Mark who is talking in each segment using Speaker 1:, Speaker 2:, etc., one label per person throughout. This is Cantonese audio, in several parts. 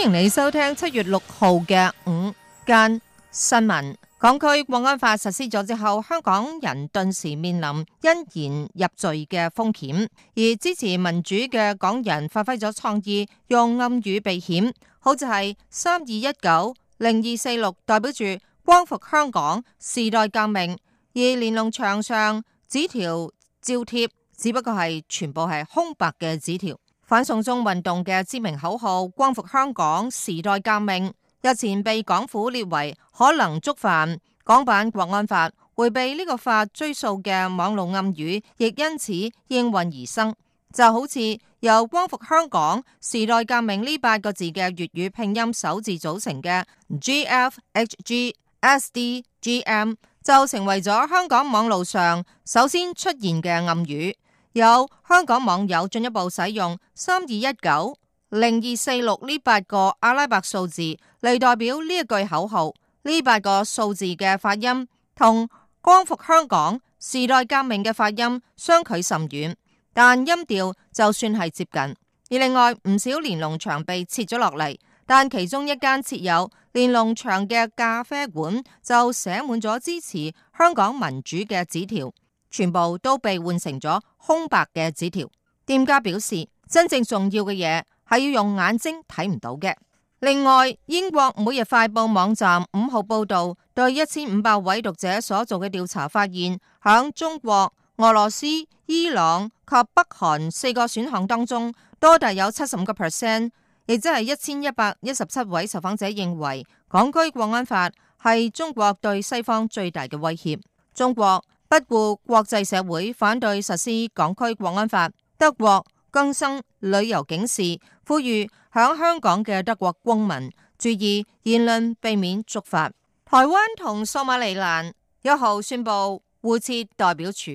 Speaker 1: 歡迎你收聽七月六號嘅午間新聞。港區國安法實施咗之後，香港人頓時面臨因言入罪嘅風險，而支持民主嘅港人發揮咗創意，用暗語避險，好似係三二一九零二四六，代表住光復香港時代革命，而連儂牆上紙條照貼，只不過係全部係空白嘅紙條。反送中運動嘅知名口號“光復香港時代革命”日前被港府列為可能觸犯港版國安法，會被呢個法追溯嘅網路暗語，亦因此應運而生。就好似由“光復香港時代革命”呢八個字嘅粵語拼音首字組成嘅 G F H G S D G M，就成為咗香港網路上首先出現嘅暗語。有香港網友進一步使用三二一九零二四六呢八個阿拉伯數字嚟，代表呢一句口號。呢八個數字嘅發音同光復香港時代革命嘅發音相距甚遠，但音調就算係接近。而另外唔少連儂牆被拆咗落嚟，但其中一間設有連儂牆嘅咖啡館就寫滿咗支持香港民主嘅紙條。全部都被換成咗空白嘅紙條。店家表示，真正重要嘅嘢係要用眼睛睇唔到嘅。另外，英國每日快報網站五號報道，對一千五百位讀者所做嘅調查發現，響中國、俄羅斯、伊朗及北韓四個選項當中，多達有七十五個 percent，亦即係一千一百一十七位受訪者認為港區國安法係中國對西方最大嘅威脅。中國。不顧國際社會反對實施港區國安法，德國更新旅遊警示，呼籲響香港嘅德國公民注意言論，避免觸法。台灣同索馬里蘭一號宣布互設代表處。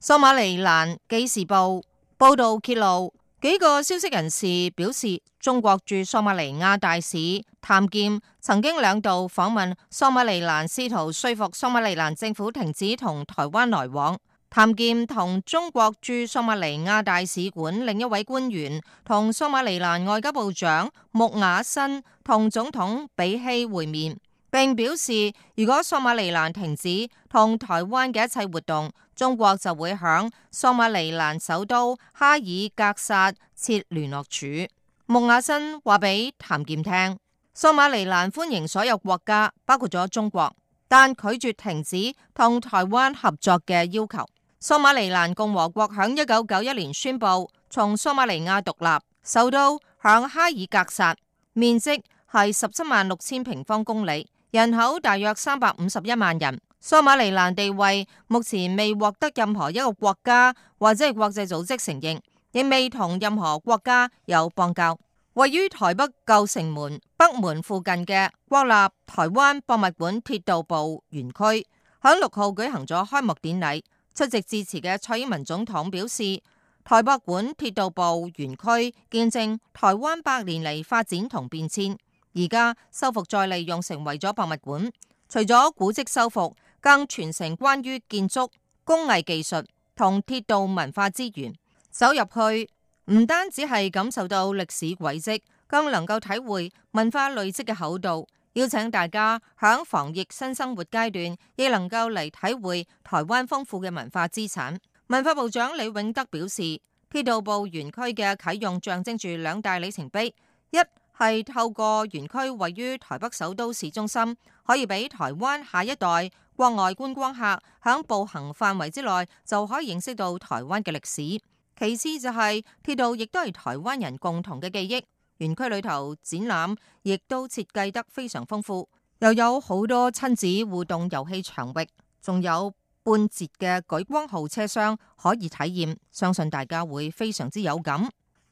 Speaker 1: 索馬里蘭《紀事報》報道揭露。幾個消息人士表示，中國駐索馬利亞大使譚劍曾經兩度訪問索馬利蘭，試圖說服索馬利蘭政府停止同台灣來往。譚劍同中國駐索馬利亞大使館另一位官員同索馬利蘭外交部長穆雅新同總統比希會面。並表示，如果索馬利蘭停止同台灣嘅一切活動，中國就會響索馬利蘭首都哈爾格薩設聯絡處。穆亞新話俾譚劍聽：索馬利蘭歡迎所有國家，包括咗中國，但拒絕停止同台灣合作嘅要求。索馬利蘭共和國響一九九一年宣布從索馬利亞獨立，首都響哈爾格薩，面積係十七萬六千平方公里。人口大約三百五十一萬人。索馬利蘭地位目前未獲得任何一個國家或者係國際組織承認，亦未同任何國家有邦交。位於台北舊城門北門附近嘅國立台灣博物館鐵道部園區，響六號舉行咗開幕典禮。出席致辭嘅蔡英文總統表示，台博館鐵道部園區見證台灣百年嚟發展同變遷。而家修復再利用成為咗博物館，除咗古蹟修復，更傳承關於建築工藝技術同鐵道文化資源。走入去，唔單止係感受到歷史軌跡，更能夠體會文化累積嘅厚度。邀請大家響防疫新生活階段，亦能夠嚟體會台灣豐富嘅文化資產。文化部長李永德表示，鐵道部園區嘅啟用，象徵住兩大里程碑，一係透過園區位於台北首都市中心，可以俾台灣下一代、國外觀光客響步行範圍之內就可以認識到台灣嘅歷史。其次就係、是、鐵道亦都係台灣人共同嘅記憶。園區裏頭展覽亦都設計得非常豐富，又有好多親子互動遊戲場域，仲有半截嘅莒光號車廂可以體驗，相信大家會非常之有感。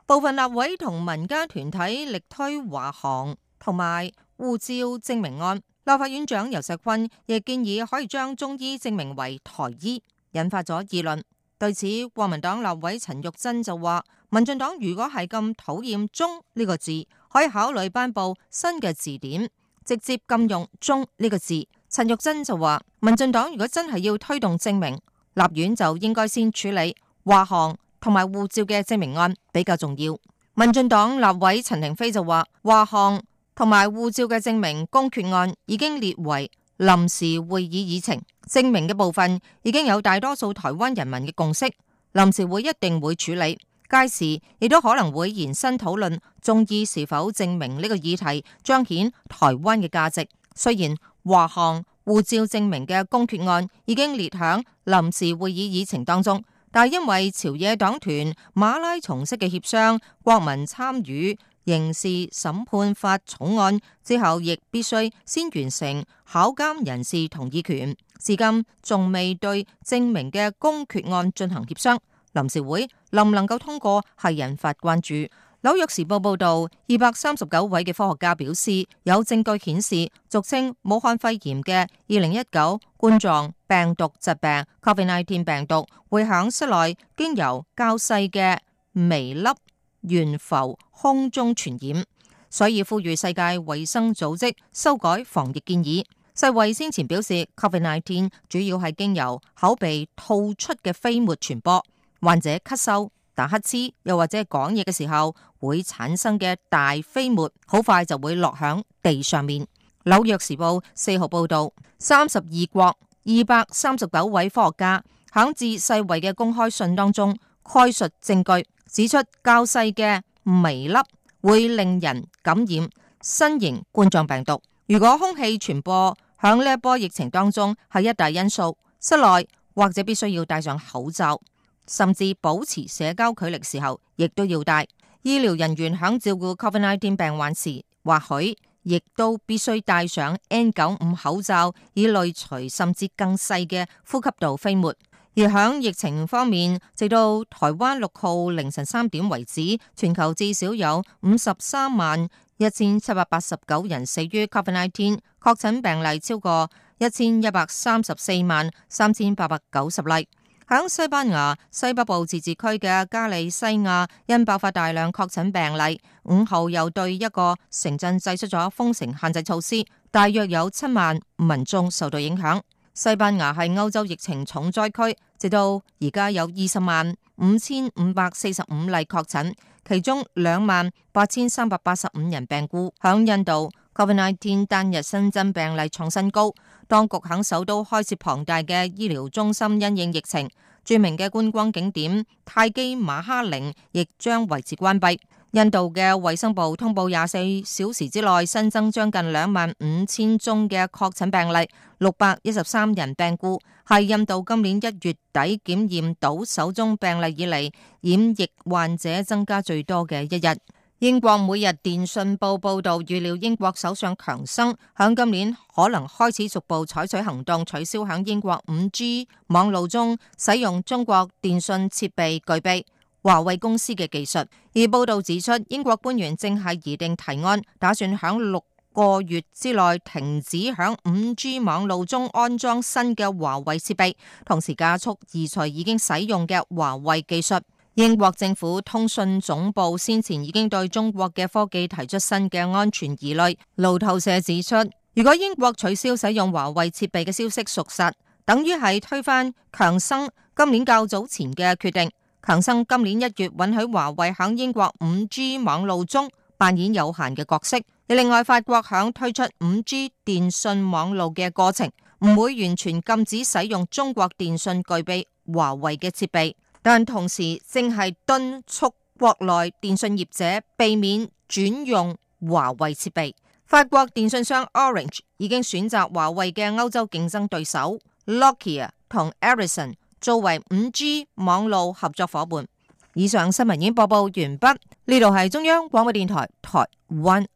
Speaker 1: 部分立委同民間團體力推華航，同埋護照正名案，立法院長游錫堃亦建議可以將中醫正名為台醫，引發咗議論。對此，國民黨立委陳玉珍就話：民進黨如果係咁討厭「中」呢、這個字，可以考慮頒布新嘅字典，直接禁用「中」呢、這個字。陳玉珍就話：民進黨如果真係要推動正名，立院就應該先處理華航。」同埋護照嘅正名案比較重要。民進黨立委陳亭妃就話：華航同埋護照嘅正名公決案已經列為臨時會議議程，正名嘅部分已經有大多數台灣人民嘅共識。臨時會一定會處理，屆時亦都可能會延伸討論，中醫是否正名呢個議題彰顯台灣嘅價值。雖然華航護照正名嘅公決案已經列響臨時會議議程當中。但係因為朝野黨團馬拉松式嘅協商，國民參與刑事審判法草案之後，亦必須先完成考監人士同意權，至今仲未對證明嘅公決案進行協商。臨時會能唔能夠通過係引發關注。紐約時報報道，二百三十九位嘅科學家表示，有證據顯示，俗稱武漢肺炎嘅二零一九冠狀。病毒疾病，Covid nineteen 病毒會響室內經由較細嘅微粒懸浮空中傳染，所以呼籲世界衛生組織修改防疫建議。世衛先前表示，Covid nineteen 主要係經由口鼻吐出嘅飛沫傳播，患者咳嗽、打乞嗤，又或者講嘢嘅時候會產生嘅大飛沫，好快就會落響地上面。紐約時報四號報道，三十二國。二百三十九位科學家響致世衞嘅公開信當中，概述證據，指出較細嘅微粒會令人感染新型冠狀病毒。如果空氣傳播響呢一波疫情當中係一大因素，室內或者必須要戴上口罩，甚至保持社交距離時候，亦都要戴。醫療人員響照顧 Covid nineteen 病患時，或許。亦都必須戴上 N 九五口罩，以濾除甚至更細嘅呼吸道飛沫。而喺疫情方面，直到台灣六號凌晨三點為止，全球至少有五十三萬一千七百八十九人死於 COVID-19，確診病例超過一千一百三十四萬三千八百九十例。喺西班牙西北部自治區嘅加利西亞因爆發大量確診病例，五號又對一個城鎮祭出咗封城限制措施，大約有七萬民眾受到影響。西班牙係歐洲疫情重災區，直到而家有二十萬五千五百四十五例確診，其中兩萬八千三百八十五人病故。響印度，COVID-19 單日新增病例創新高。當局喺首都開設龐大嘅醫療中心，因應疫情。著名嘅觀光景點泰姬瑪哈陵亦將維持關閉。印度嘅衛生部通報，廿四小時之內新增將近兩萬五千宗嘅確診病例，六百一十三人病故，係印度今年一月底檢驗到首宗病例以嚟染疫患者增加最多嘅一日。英國每日電訊報報道，預料英國首相強生響今年可能開始逐步採取行動，取消響英國五 G 網路中使用中國電信設備具備華為公司嘅技術。而報道指出，英國官員正喺擬定提案，打算響六個月之內停止響五 G 網路中安裝新嘅華為設備，同時加速移除已經使用嘅華為技術。英國政府通訊總部先前已經對中國嘅科技提出新嘅安全疑慮。路透社指出，如果英國取消使用華為設備嘅消息屬實，等於係推翻強生今年較早前嘅決定。強生今年一月允許華為響英國五 G 網路中扮演有限嘅角色。另外，法國響推出五 G 電信網路嘅過程，唔會完全禁止使用中國電信具備華為嘅設備。但同時，正係敦促國內電信業者避免轉用華為設備。法國電信商 Orange 已經選擇華為嘅歐洲競爭對手 Nokia、ok、同 Ericsson 作為五 G 網路合作夥伴。以上新聞已經播報完畢。呢度係中央廣播電台台灣。